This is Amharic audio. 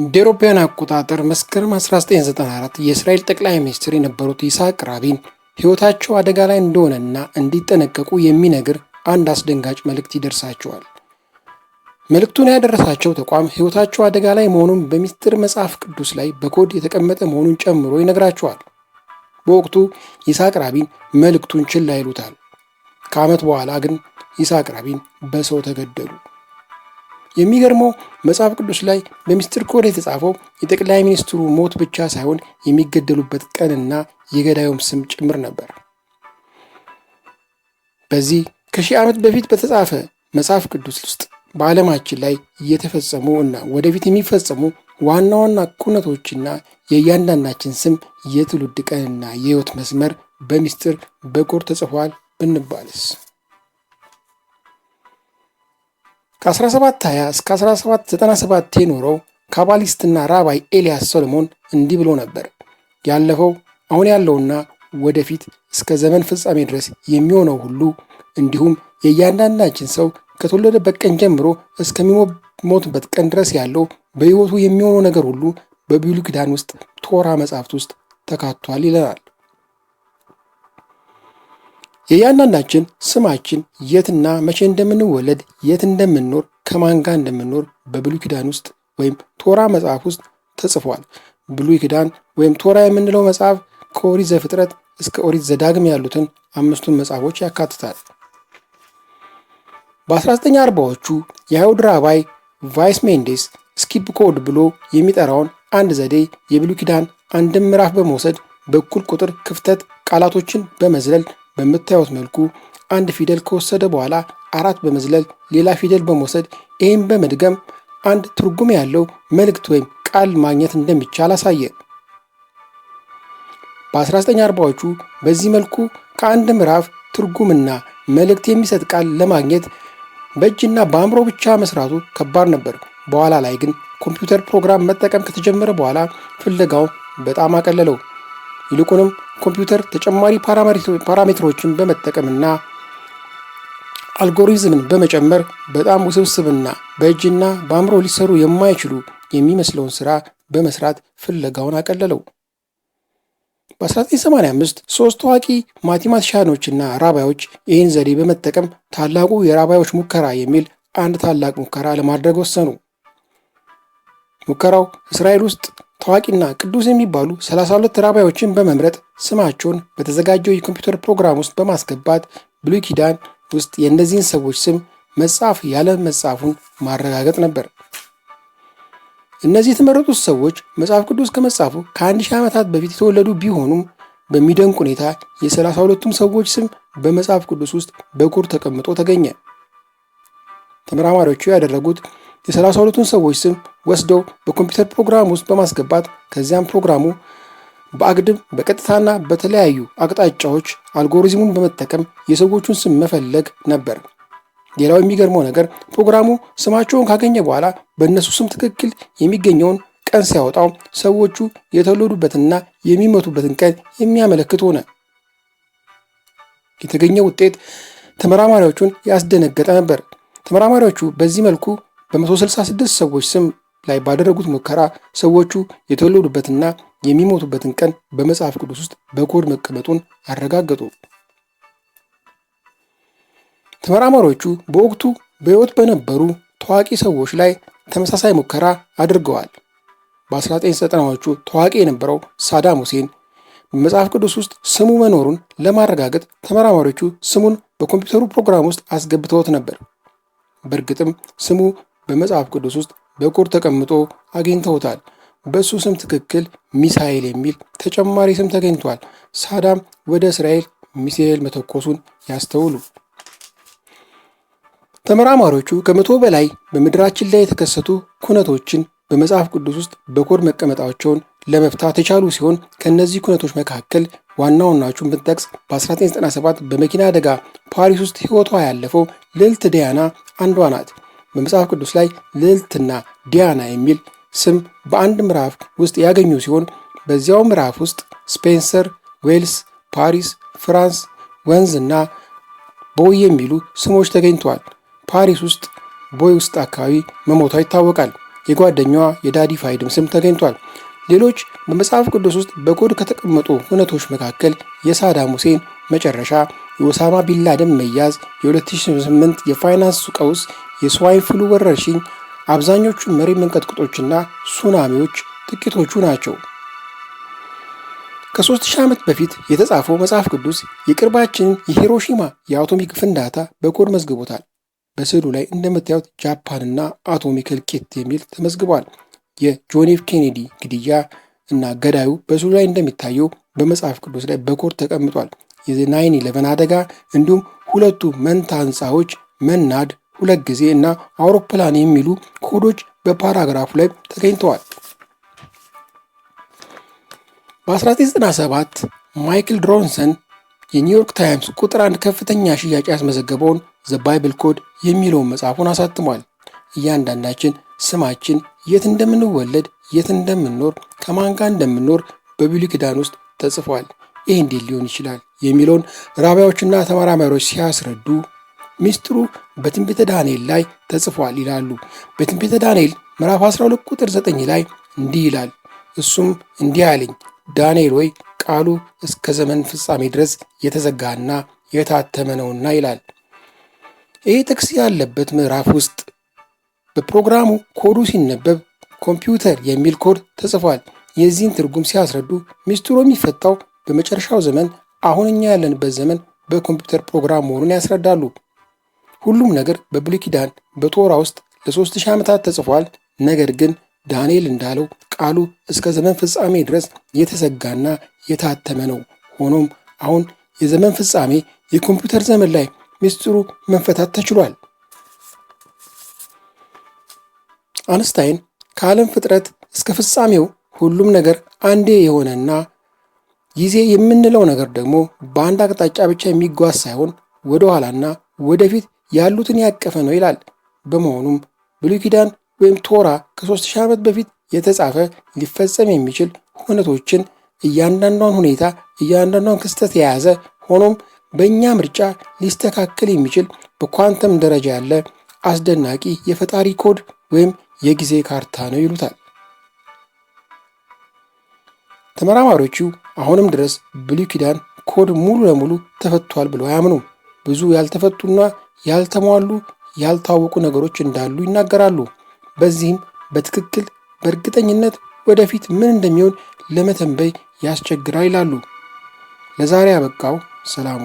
እንደ አውሮፓውያን አቆጣጠር መስከረም 1994 የእስራኤል ጠቅላይ ሚኒስትር የነበሩት ይስሐቅ ራቢን ሕይወታቸው አደጋ ላይ እንደሆነና እንዲጠነቀቁ የሚነግር አንድ አስደንጋጭ መልእክት ይደርሳቸዋል። መልእክቱን ያደረሳቸው ተቋም ሕይወታቸው አደጋ ላይ መሆኑን በሚስጥር መጽሐፍ ቅዱስ ላይ በኮድ የተቀመጠ መሆኑን ጨምሮ ይነግራቸዋል። በወቅቱ ይስሐቅ ራቢን መልእክቱን ችላ ይሉታል። ከዓመት በኋላ ግን ይስሐቅ ራቢን በሰው ተገደሉ። የሚገርመው መጽሐፍ ቅዱስ ላይ በሚስጥር ኮድ የተጻፈው የጠቅላይ ሚኒስትሩ ሞት ብቻ ሳይሆን የሚገደሉበት ቀንና የገዳዩም ስም ጭምር ነበር። በዚህ ከሺህ ዓመት በፊት በተጻፈ መጽሐፍ ቅዱስ ውስጥ በዓለማችን ላይ እየተፈጸሙ እና ወደፊት የሚፈጸሙ ዋና ዋና ኩነቶችና የእያንዳንዳችን ስም፣ የትውልድ ቀንና የሕይወት መስመር በሚስጥር በኮድ ተጽፏል ብንባልስ? ከ1720 እስከ 1797 የኖረው ካባሊስትና ራባይ ኤልያስ ሶሎሞን እንዲህ ብሎ ነበር። ያለፈው አሁን ያለውና ወደፊት እስከ ዘመን ፍጻሜ ድረስ የሚሆነው ሁሉ እንዲሁም የእያንዳንዳችን ሰው ከተወለደበት ቀን ጀምሮ እስከሚሞትበት ቀን ድረስ ያለው በሕይወቱ የሚሆነው ነገር ሁሉ በብሉይ ኪዳን ውስጥ ቶራ መጻሕፍት ውስጥ ተካቷል ይለናል። የእያንዳንዳችን ስማችን የትና መቼ እንደምንወለድ የት እንደምንኖር ከማን ጋር እንደምንኖር በብሉይ ኪዳን ውስጥ ወይም ቶራ መጽሐፍ ውስጥ ተጽፏል። ብሉይ ኪዳን ወይም ቶራ የምንለው መጽሐፍ ከኦሪት ዘፍጥረት እስከ ኦሪት ዘዳግም ያሉትን አምስቱን መጽሐፎች ያካትታል። በ1940ዎቹ የአይሁድ ራባይ ቫይስ ሜንዴስ ስኪፕ ኮድ ብሎ የሚጠራውን አንድ ዘዴ የብሉይ ኪዳን አንድን ምዕራፍ በመውሰድ በኩል ቁጥር ክፍተት ቃላቶችን በመዝለል በምታዩት መልኩ አንድ ፊደል ከወሰደ በኋላ አራት በመዝለል ሌላ ፊደል በመውሰድ ይህም በመድገም አንድ ትርጉም ያለው መልእክት ወይም ቃል ማግኘት እንደሚቻል አሳየ። በ1940ዎቹ በዚህ መልኩ ከአንድ ምዕራፍ ትርጉምና መልእክት የሚሰጥ ቃል ለማግኘት በእጅና በአእምሮ ብቻ መስራቱ ከባድ ነበር። በኋላ ላይ ግን ኮምፒውተር ፕሮግራም መጠቀም ከተጀመረ በኋላ ፍለጋውን በጣም አቀለለው። ይልቁንም ኮምፒውተር ተጨማሪ ፓራሜትሮችን በመጠቀምና አልጎሪዝምን በመጨመር በጣም ውስብስብና በእጅና በአእምሮ ሊሰሩ የማይችሉ የሚመስለውን ሥራ በመስራት ፍለጋውን አቀለለው። በ1985 ሦስት ታዋቂ ማቲማቲሻኖችና ራባዮች ይህን ዘዴ በመጠቀም ታላቁ የራባዮች ሙከራ የሚል አንድ ታላቅ ሙከራ ለማድረግ ወሰኑ። ሙከራው እስራኤል ውስጥ ታዋቂና ቅዱስ የሚባሉ 32 ራባዮችን በመምረጥ ስማቸውን በተዘጋጀው የኮምፒውተር ፕሮግራም ውስጥ በማስገባት ብሉይ ኪዳን ውስጥ የእነዚህን ሰዎች ስም መጽሐፍ ያለ መጽሐፉን ማረጋገጥ ነበር። እነዚህ የተመረጡት ሰዎች መጽሐፍ ቅዱስ ከመጻፉ ከአንድ ሺህ ዓመታት በፊት የተወለዱ ቢሆኑም በሚደንቅ ሁኔታ የሰላሳ ሁለቱም ሰዎች ስም በመጽሐፍ ቅዱስ ውስጥ በኩር ተቀምጦ ተገኘ። ተመራማሪዎቹ ያደረጉት የሰላሳ ሁለቱን ሰዎች ስም ወስደው በኮምፒውተር ፕሮግራም ውስጥ በማስገባት ከዚያም ፕሮግራሙ በአግድም በቀጥታና በተለያዩ አቅጣጫዎች አልጎሪዝሙን በመጠቀም የሰዎቹን ስም መፈለግ ነበር። ሌላው የሚገርመው ነገር ፕሮግራሙ ስማቸውን ካገኘ በኋላ በእነሱ ስም ትክክል የሚገኘውን ቀን ሲያወጣው ሰዎቹ የተወለዱበትና የሚመቱበትን ቀን የሚያመለክት ሆነ። የተገኘው ውጤት ተመራማሪዎቹን ያስደነገጠ ነበር። ተመራማሪዎቹ በዚህ መልኩ በ166 ሰዎች ስም ላይ ባደረጉት ሙከራ ሰዎቹ የተወለዱበትና የሚሞቱበትን ቀን በመጽሐፍ ቅዱስ ውስጥ በኮድ መቀመጡን አረጋገጡ። ተመራማሪዎቹ በወቅቱ በሕይወት በነበሩ ታዋቂ ሰዎች ላይ ተመሳሳይ ሙከራ አድርገዋል። በ1990ዎቹ ታዋቂ የነበረው ሳዳም ሁሴን በመጽሐፍ ቅዱስ ውስጥ ስሙ መኖሩን ለማረጋገጥ ተመራማሪዎቹ ስሙን በኮምፒውተሩ ፕሮግራም ውስጥ አስገብተውት ነበር። በእርግጥም ስሙ በመጽሐፍ ቅዱስ ውስጥ በቁር ተቀምጦ አግኝተውታል። በእሱ ስም ትክክል ሚሳኤል የሚል ተጨማሪ ስም ተገኝቷል። ሳዳም ወደ እስራኤል ሚሳኤል መተኮሱን ያስተውሉ። ተመራማሪዎቹ ከመቶ በላይ በምድራችን ላይ የተከሰቱ ኩነቶችን በመጽሐፍ ቅዱስ ውስጥ በኮድ መቀመጣቸውን ለመፍታት የቻሉ ሲሆን ከእነዚህ ኩነቶች መካከል ዋና ዋናዎቹን ብንጠቅስ በ1997 በመኪና አደጋ ፓሪስ ውስጥ ሕይወቷ ያለፈው ልዕልት ዲያና አንዷ ናት። በመጽሐፍ ቅዱስ ላይ ልዕልትና ዲያና የሚል ስም በአንድ ምዕራፍ ውስጥ ያገኙ ሲሆን በዚያው ምዕራፍ ውስጥ ስፔንሰር፣ ዌልስ፣ ፓሪስ፣ ፍራንስ፣ ወንዝ እና ቦይ የሚሉ ስሞች ተገኝተዋል። ፓሪስ ውስጥ ቦይ ውስጥ አካባቢ መሞቷ ይታወቃል። የጓደኛዋ የዳዲ ፋይድም ስም ተገኝቷል። ሌሎች በመጽሐፍ ቅዱስ ውስጥ በኮድ ከተቀመጡ እውነቶች መካከል የሳዳም ሁሴን መጨረሻ፣ የኦሳማ ቢንላደን መያዝ፣ የ2008 የፋይናንስ ቀውስ፣ የስዋይን ፍሉ ወረርሽኝ አብዛኞቹ መሬት መንቀጥቅጦችና ሱናሚዎች ጥቂቶቹ ናቸው። ከሦስት ሺህ ዓመት በፊት የተጻፈው መጽሐፍ ቅዱስ የቅርባችንን የሂሮሺማ የአቶሚክ ፍንዳታ በኮድ መዝግቦታል። በስዕሉ ላይ እንደምታዩት ጃፓንና አቶሚክ እልቂት የሚል ተመዝግቧል። የጆን ኤፍ ኬኔዲ ግድያ እና ገዳዩ በስዕሉ ላይ እንደሚታየው በመጽሐፍ ቅዱስ ላይ በኮድ ተቀምጧል። የናይን ኢለቨን አደጋ እንዲሁም ሁለቱ መንታ ህንፃዎች መናድ ሁለት ጊዜ እና አውሮፕላን የሚሉ ኮዶች በፓራግራፉ ላይ ተገኝተዋል። በ1997 ማይክል ድሮንሰን የኒውዮርክ ታይምስ ቁጥር አንድ ከፍተኛ ሽያጭ ያስመዘገበውን ዘ ባይብል ኮድ የሚለውን መጽሐፉን አሳትሟል። እያንዳንዳችን ስማችን፣ የት እንደምንወለድ፣ የት እንደምንኖር፣ ከማን ጋር እንደምንኖር በብሉይ ኪዳን ውስጥ ተጽፏል። ይህ እንዴት ሊሆን ይችላል የሚለውን ራቢያዎችና ተመራማሪዎች ሲያስረዱ ሚስጥሩ በትንቢተ ዳንኤል ላይ ተጽፏል ይላሉ። በትንቢተ ዳንኤል ምዕራፍ 12 ቁጥር 9 ላይ እንዲህ ይላል፣ እሱም እንዲህ አለኝ፣ ዳንኤል ሆይ ቃሉ እስከ ዘመን ፍጻሜ ድረስ የተዘጋና የታተመ ነውና ይላል። ይህ ጥቅስ ያለበት ምዕራፍ ውስጥ በፕሮግራሙ ኮዱ ሲነበብ ኮምፒውተር የሚል ኮድ ተጽፏል። የዚህን ትርጉም ሲያስረዱ ሚስጥሩ የሚፈታው በመጨረሻው ዘመን አሁን እኛ ያለንበት ዘመን በኮምፒውተር ፕሮግራም መሆኑን ያስረዳሉ። ሁሉም ነገር በብሉይ ኪዳን በቶራ ውስጥ ለሦስት ሺህ ዓመታት ተጽፏል። ነገር ግን ዳንኤል እንዳለው ቃሉ እስከ ዘመን ፍጻሜ ድረስ የተዘጋና የታተመ ነው። ሆኖም አሁን የዘመን ፍጻሜ የኮምፒውተር ዘመን ላይ ምስጢሩ መንፈታት ተችሏል። አንስታይን ከዓለም ፍጥረት እስከ ፍጻሜው ሁሉም ነገር አንዴ የሆነና ጊዜ የምንለው ነገር ደግሞ በአንድ አቅጣጫ ብቻ የሚጓዝ ሳይሆን ወደ ኋላና ወደፊት ያሉትን ያቀፈ ነው ይላል። በመሆኑም ብሉይ ኪዳን ወይም ቶራ ከ ሺህ ዓመት በፊት የተጻፈ ሊፈጸም የሚችል ሁነቶችን እያንዳንዷን ሁኔታ እያንዳንዷን ክስተት የያዘ ሆኖም በእኛ ምርጫ ሊስተካከል የሚችል በኳንተም ደረጃ ያለ አስደናቂ የፈጣሪ ኮድ ወይም የጊዜ ካርታ ነው ይሉታል። ተመራማሪዎቹ አሁንም ድረስ ብሉይ ኪዳን ኮድ ሙሉ ለሙሉ ተፈቷል ብለው አያምኑም። ብዙ ያልተፈቱና ያልተሟሉ ያልታወቁ ነገሮች እንዳሉ ይናገራሉ። በዚህም በትክክል በእርግጠኝነት ወደፊት ምን እንደሚሆን ለመተንበይ ያስቸግራል ይላሉ። ለዛሬ ያበቃው ሰላሙ።